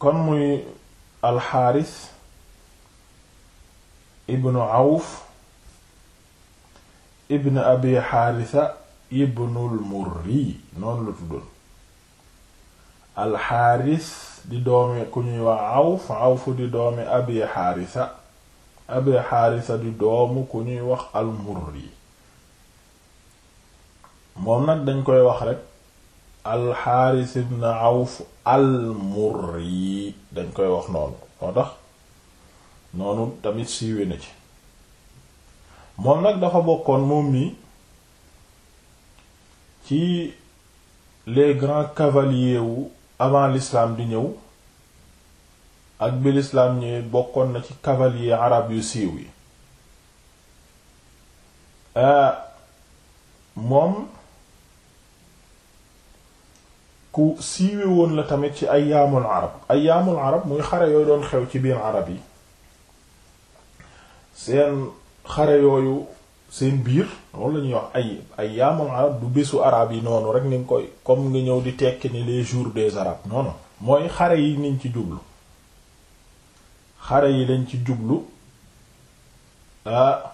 kon muy alxaaris ibnu awf ibnu abi xaarisa ibnul murri noonu la tuddoon alxaaris di doomi ku ñuy wax awf awf di doomi abi xaarisa abi xaarisa di doomu ku ñuy wax al yi moom nag dañ koy wax rekk alxaaris ibn awf almurri dañ koy wax noonu moo tax noonu tamit siiwe na ci moom nag dafa bokkoon moom mi ci le grands cavaliers wu avant l'islam di ñëw ak bi l'islam ñëwee bokkoon na ci cavalier arab yu siiw yi euh, moom bu siiwe woon la tamit ci ayaamul arab ayaamul arab muy xare yooyu doon xew ci biir arab yi seen xare yooyu seen biir loolu la ñuy wax ay ayaamul arab du bésu arab yi noonu rek ni koy comme nga ñëw di tekki ni les jours des arabes non mooy xare yi niñ ci jublu xare yi lañ ci jublu ah,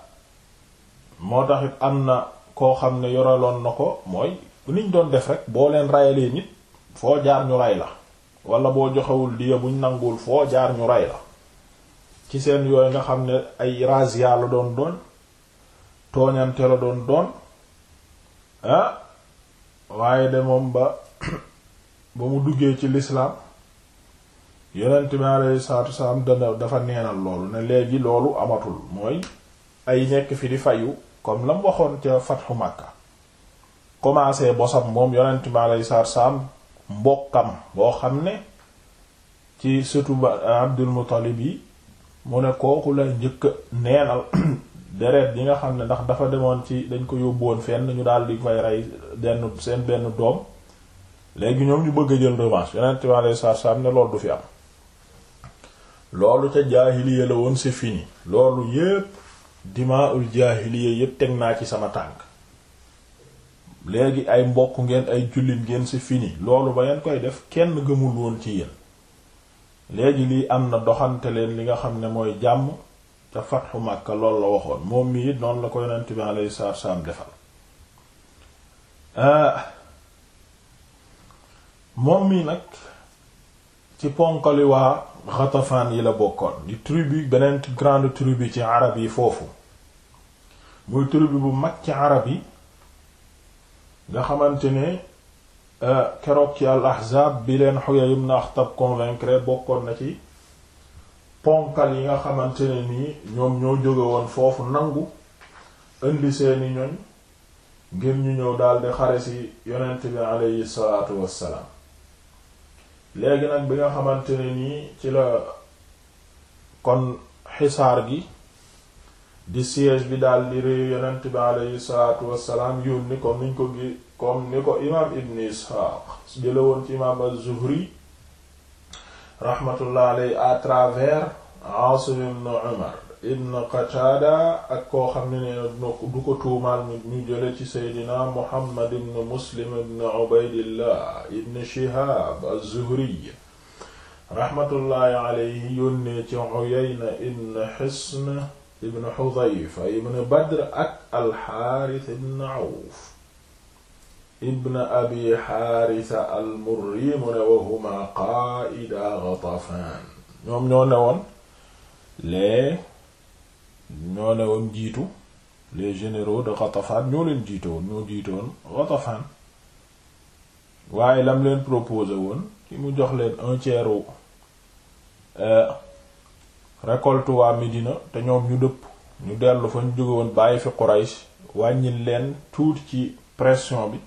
moo taxit am na koo xam ne yoraloon na ko mooy niñ doon def rek boo leen rayalee nit foo jaar ñu rey la walla boo joxewul diya buñ nanguwul foo jaar ñu la ci seen yooyu nga xam ne ay razia la doon doon tooñante la doon doon ah waaye de moom ba ba mu duggee ci lislaam yonent bi alayhi salaatu wasalaam dana dafa neenal loolu ne léegi loolu amatul mooy ay nekk fi di fayu comme lam waxoon ca fatxu Makka commencé bosam moom yonent bi alayhi salaatu wasalaam mbokkam boo xam ne ci surtout ba Abdul Muttalib yi mu ne kooku la njëkk neenal deret yi nga xam ne ndax dafa demoon ci dañ ko yóbbuwoon fenn ñu daal di fay rey benn seen benn doom léegi ñoom ñu bëgg a jël revanche yonent bi alayhi salaatu salaam ne loolu du fi am loolu ca jaahiliya la woon c'est fini loolu yépp dimaa'ul jaahiliya yépp teg naa ci sama tànk léegi ay mbokk ngeen ay jullit ngeen c'est fini loolu ba ngeen koy def kenn gëmul woon ci yéen léegi lii am na doxante leen li nga xam ne mooy jàmm ca fatxu Makka loolu la waxoon moom mi it la ko yonent bi alayhi salaatu salaam ah, moom mii nag ci ponkali waa Ghatafan yi la bokkoon di tribu beneen grande tribu ci arab yi foofu muy tribu bu mag ci arab yi nga xamante ne euh, keroog ci al ahzaab bi leen Huyay ibn Akhtab convaincre bokkoon na ci ponkal yi nga xamante ne nii ñoom ñoo jóge woon foofu nangu indi seeni ñoñ ngir ñu ñëw daldi xare ci yonent bi aleyhi salaatu wassalaam léegi nag bi nga xamante ne nii ci la kon xisaar gi di siège bi daal di réew yonent bi aleyhi salaatu wassalaam yónni comme niñ ko gi comme ni ko imaam ibn isxaaq jële woon ci imaam az-Zuhri rahmatullah aley à travers Aasim ibn Umar ibn Qataada ak koo xam ne nee du ko tuumaal mi ñu jële ci seydina Muhammad ibn Muslim ibn Ubaydillah ibn Shihaab az-Zuhri rahmatullahi aleyhi yónnee ci Uyayna ibn Hisn ibn Xudayfa ibn Badr ak alxaaris ibn Awf ibn abi xaarisa almurri mu ne wahuma qaida Ghatafan ñoom ñoo newoon les ñoo newoon jiitu les généraux de Ghatafan ñoo leen jiitoon ñoo jiitoon Ghatafan waaye lam leen proposé woon ci mu jox leen un tiers euh, récolte waa Médina te ñoom ñu dëpp ñu dellu fa ñu jóge woon bàyyi fi Quraysh wàññil leen tuuti ci pression bi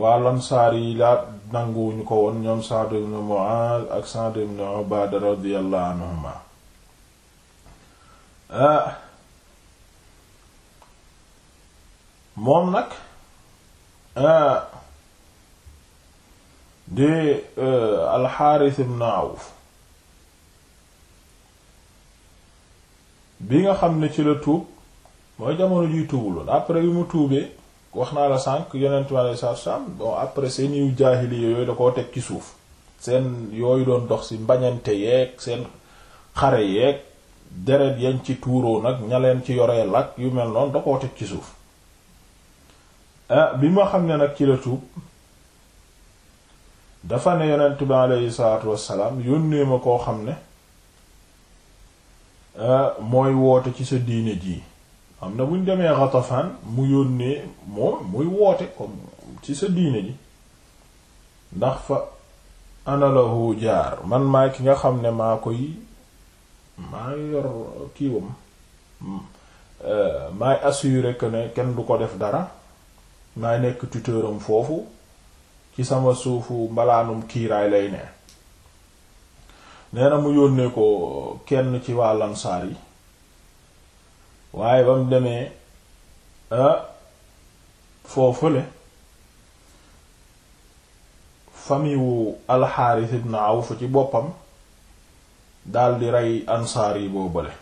waa lansaar yi laa nanguwuñu ko woon ñoom Sa'd ibn Mu'az ak Sa'd ibn Ubaada ah, moom nag ah, di eh, Al-Harith ibn bi nga xam ne ci la tuub mooy jamono juy tuubuloon après bi mu tuubee wax naa la sànq yonent bi alei satu salaam bon après seen yu jaahiliya yooyu da koo teg ci suuf seen yooyu doon dox ci mbañante yeeg seen xare yeeg deret yañ ci tuuroo nag ña leen ci yoree lak yu mel noonu da koo teg ci suuf ah, bi ma xam ne nag ci la tuub dafa ne yonent bi aleyhi salaatu wassalaam yónnee ma koo xam ne Euh, mooy woote ci sa diine ji am na buñ demee Ghatafan mu yónnee moom muy woote comme ci sa diine ji ndax fa ana jaar man maa ki nga xam ne maa koy maa yor kiiwam mm. euh, maay assurer que ne kenn du ko def dara maay nekk tuteuram foofu ci sama suufu mbalaanum kiiraay lay ne nee na mu yónnee ko kenn ci waa lansaar yi waaye ba mu demee foofule famille wu alxaaris ibn Awf ci boppam daldi rey ansaar yi boobale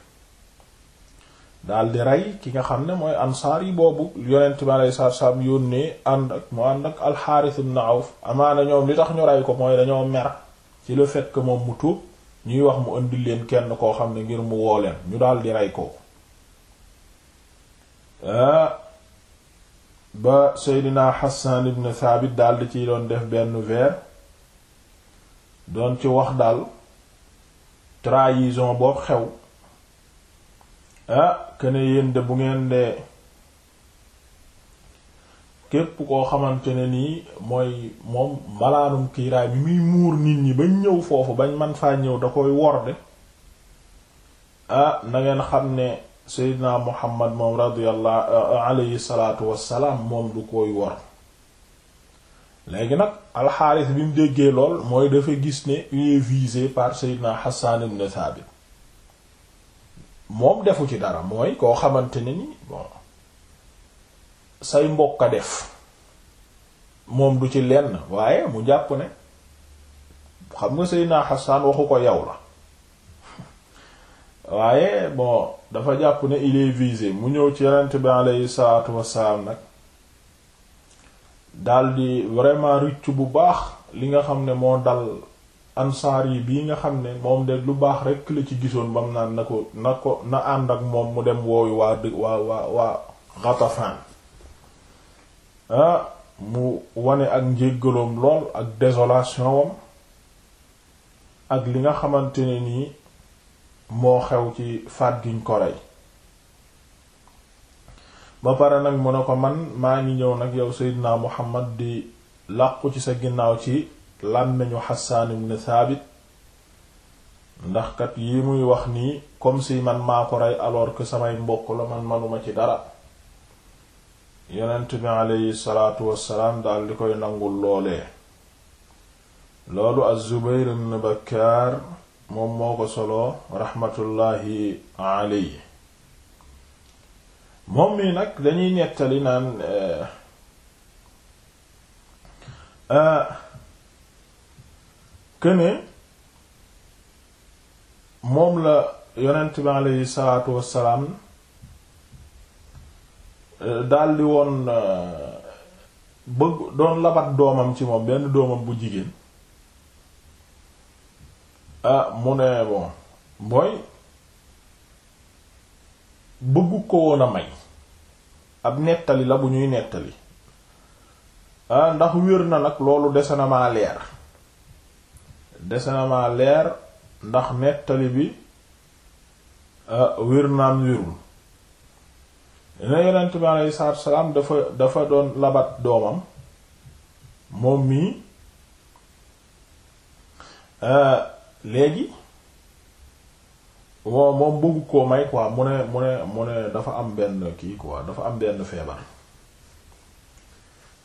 daldi rey ki nga xam ne mooy ansaar yi boobu yonent bi aleyhi salaatu salaam yónnee ànd ak mu ànd ak alxaaris ibn Awf amaana ñoom li tax ñu rey ko mooy dañoo mer ci le fait que moom mu tuub ñuy wax mu indi leen kenn koo xam ne ngir mu woo leen ñu daal di rey kooku ah, ba Seydina Hassan ibn Thabit daal di ciy doon def benn vers doon ci wax daal trahison boobu xew ah que ne de bu ngeen de képp koo xamante ne nii mooy moom malaanum kiiraay bi muy muur nit ñi ba ñëw foofu bañ man faa ñëw da koy wor de ah, nangeen xam ne seydina muhammad moom radiyallahu ah, alayhi salaatu wassalaam moom du koy wor léegi nag alxaaris bi mu déggee lool mooy dafa gis ne il est visé par seydina hassan ibn thabit moom defu ci dara mooy koo xamante ne say mbokk def moom du ci lenn waaye mu jàpp ne xam nga Seydina Hassan waxu ko yow la waaye bon dafa jàpp ne il est visé mu ñëw ci yonent bi aleyhi salaatu wassalaam nag daldi vraiment ricc bu baax li nga xam ne moo dal ansaar yi bii nga xam ne moom de lu baax rekk la ci gisoon bam naan na ko na ko na ànd ak moom mu dem woowu waa dë waa waa waa Ghatafan Ah, mu wane ak njéggaloom lool ak désolation wam ak li nga xamante ne nii moo xew ci faat giñ ko rey ba pare nag mu ne ko man maa ngi ñëw nag yow naa Muhammad di làqu ci sa ginnaaw ci nañu Hassan ibn Thabit ndax kat yi muy wax nii comme si man maa ko rey alors que samay mbokk la man manuma ci dara yonent bi aleyhi salaatu wassalaam dal di koy nangul loolee loolu az-Zubayr ibn Bakkaar moom moo ko solo raxmatullaahi aleyhi moom mii nag dañuy nettali naan eh, eh, këne moom la yonent bi aleyhi salaatu wassalaam Euh, daldi woon euh, bëgg doon labat doomam ci moom benn doomam bu jigéen ah mu ne bon mooy bëggu ko woon a may ab nettali la bu ñuy nettali ah ndax wér na nag loolu dese na maa leer dese na maa leer ndax nettali bi ah, wér naam wérul dina yonent bi aleyhi salaatu dafa dafa doon labat doomam moom mii euh, léegi wo moom bëggu koo may quoi mu ne mu ne mu ne dafa am benn kii quoi dafa am benn feebar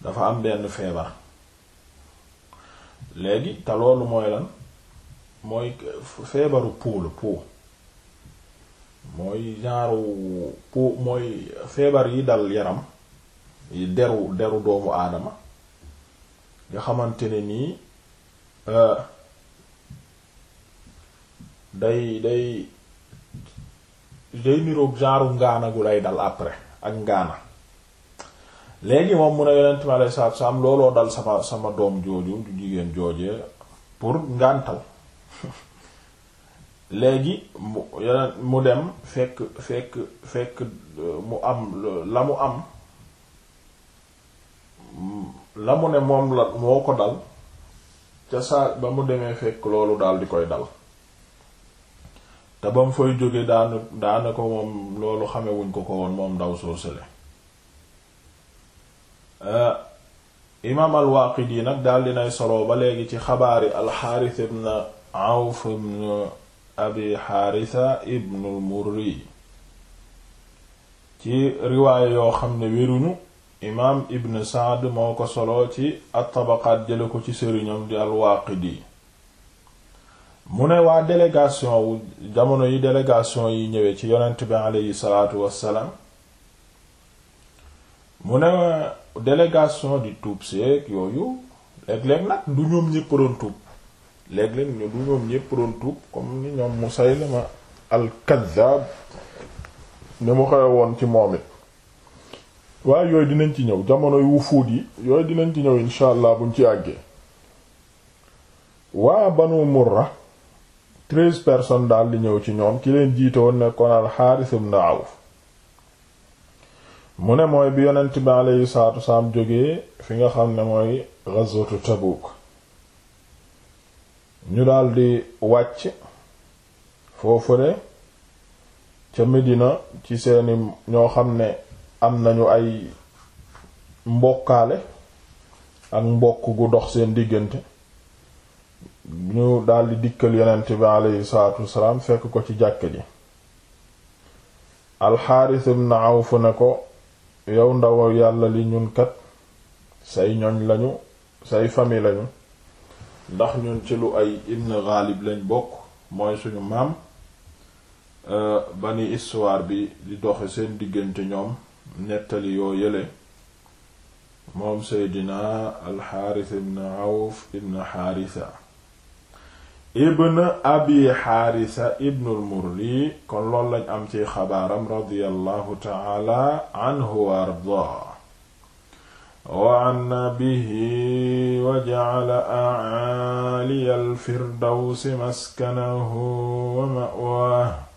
dafa am benn feebar léegi te loolu mooy lan mooy feebaru pou la mooy genre po mooy feebar yi dal yaram yi deru deru doomu aadama nga xamante ne nii euh, day day day niroog genre ngaana gu lay dal après ak ngaana léegi moom mun a yonent mi alei salaatu salaam looloo dal sama sama doom jooju du jigéen joojee pour ngantal léegi mu yeneen mu dem fekk fekk fekk euh, mu am la mu am mm, la mu ne moom la moo ko dal ca saa ba mu demee fekk loolu daal di koy dal te ba mu fay jóge daana daana ko moom loolu xamewuñ ko ko woon moom ndaw soo sële euh, imaam al-Waaqidi nag daal dinay solo ba léegi ci xabaari al-Haaris ibn Awf ibn abi xaarisa ibnul murri ci riwaaya yoo xam ne wéruñu imaam ibn saad moo ko solo ci at-tabaqaat jële ko ci sëriñam di al-Waaqidi mu ne waa délégation wu jamono yi délégation yi ñëwee ci yonent bi aleyhi salaatu wassalaam mu ne délégation di tuub seek yooyu léeg nag du ñoom ñépp doon tuub léeg-léeg ñu du ñoom ñépp doon comme ni ñoom Musaylima al-Kaddaab ni mu xewe woon ci moom it waaye yooyu dinañ ci ñëw jamono yu wufuud yi yooyu dinañ ci ñëw insha allah buñ ci àggee waa Banu Murra treize personnes daal di ñëw ci ñoom ci leen jiitoo woon nekkoon al-Haaris ibn mu ne mooy bi yonent bi yu salaatu wasalaam jógee fi nga xam ne mooy ghazwatu Tabuk ñu daldi wàcc foofule ca Medina ci seeni ñoo xam ne am nañu ay mbokkaale ak mbokk gu dox seen diggante ñu daldi dikkal yonent bi aleyhi salaatu wasalaam fekk ko ci jàkk ji alxaaris ibn fu ne ko yow ndaw yàlla li ñun kat say ñoñ lañu say famille lañu ndax ñun ci lu ay ibn Ghalib lañ bokk mooy suñu maam euh, ba ni bi di doxe seen diggante ñoom nettali yoo yële moom seydina alxaaris ibn Awf ibn xaarisa ibn abi xaarisa ibnul Murri kon loolu lañ am ci xabaaram radiyallahu taala anhu wa wa anna bihi wa ja'ala a'aliya al-firdawsi maskanahu wa ma'waahu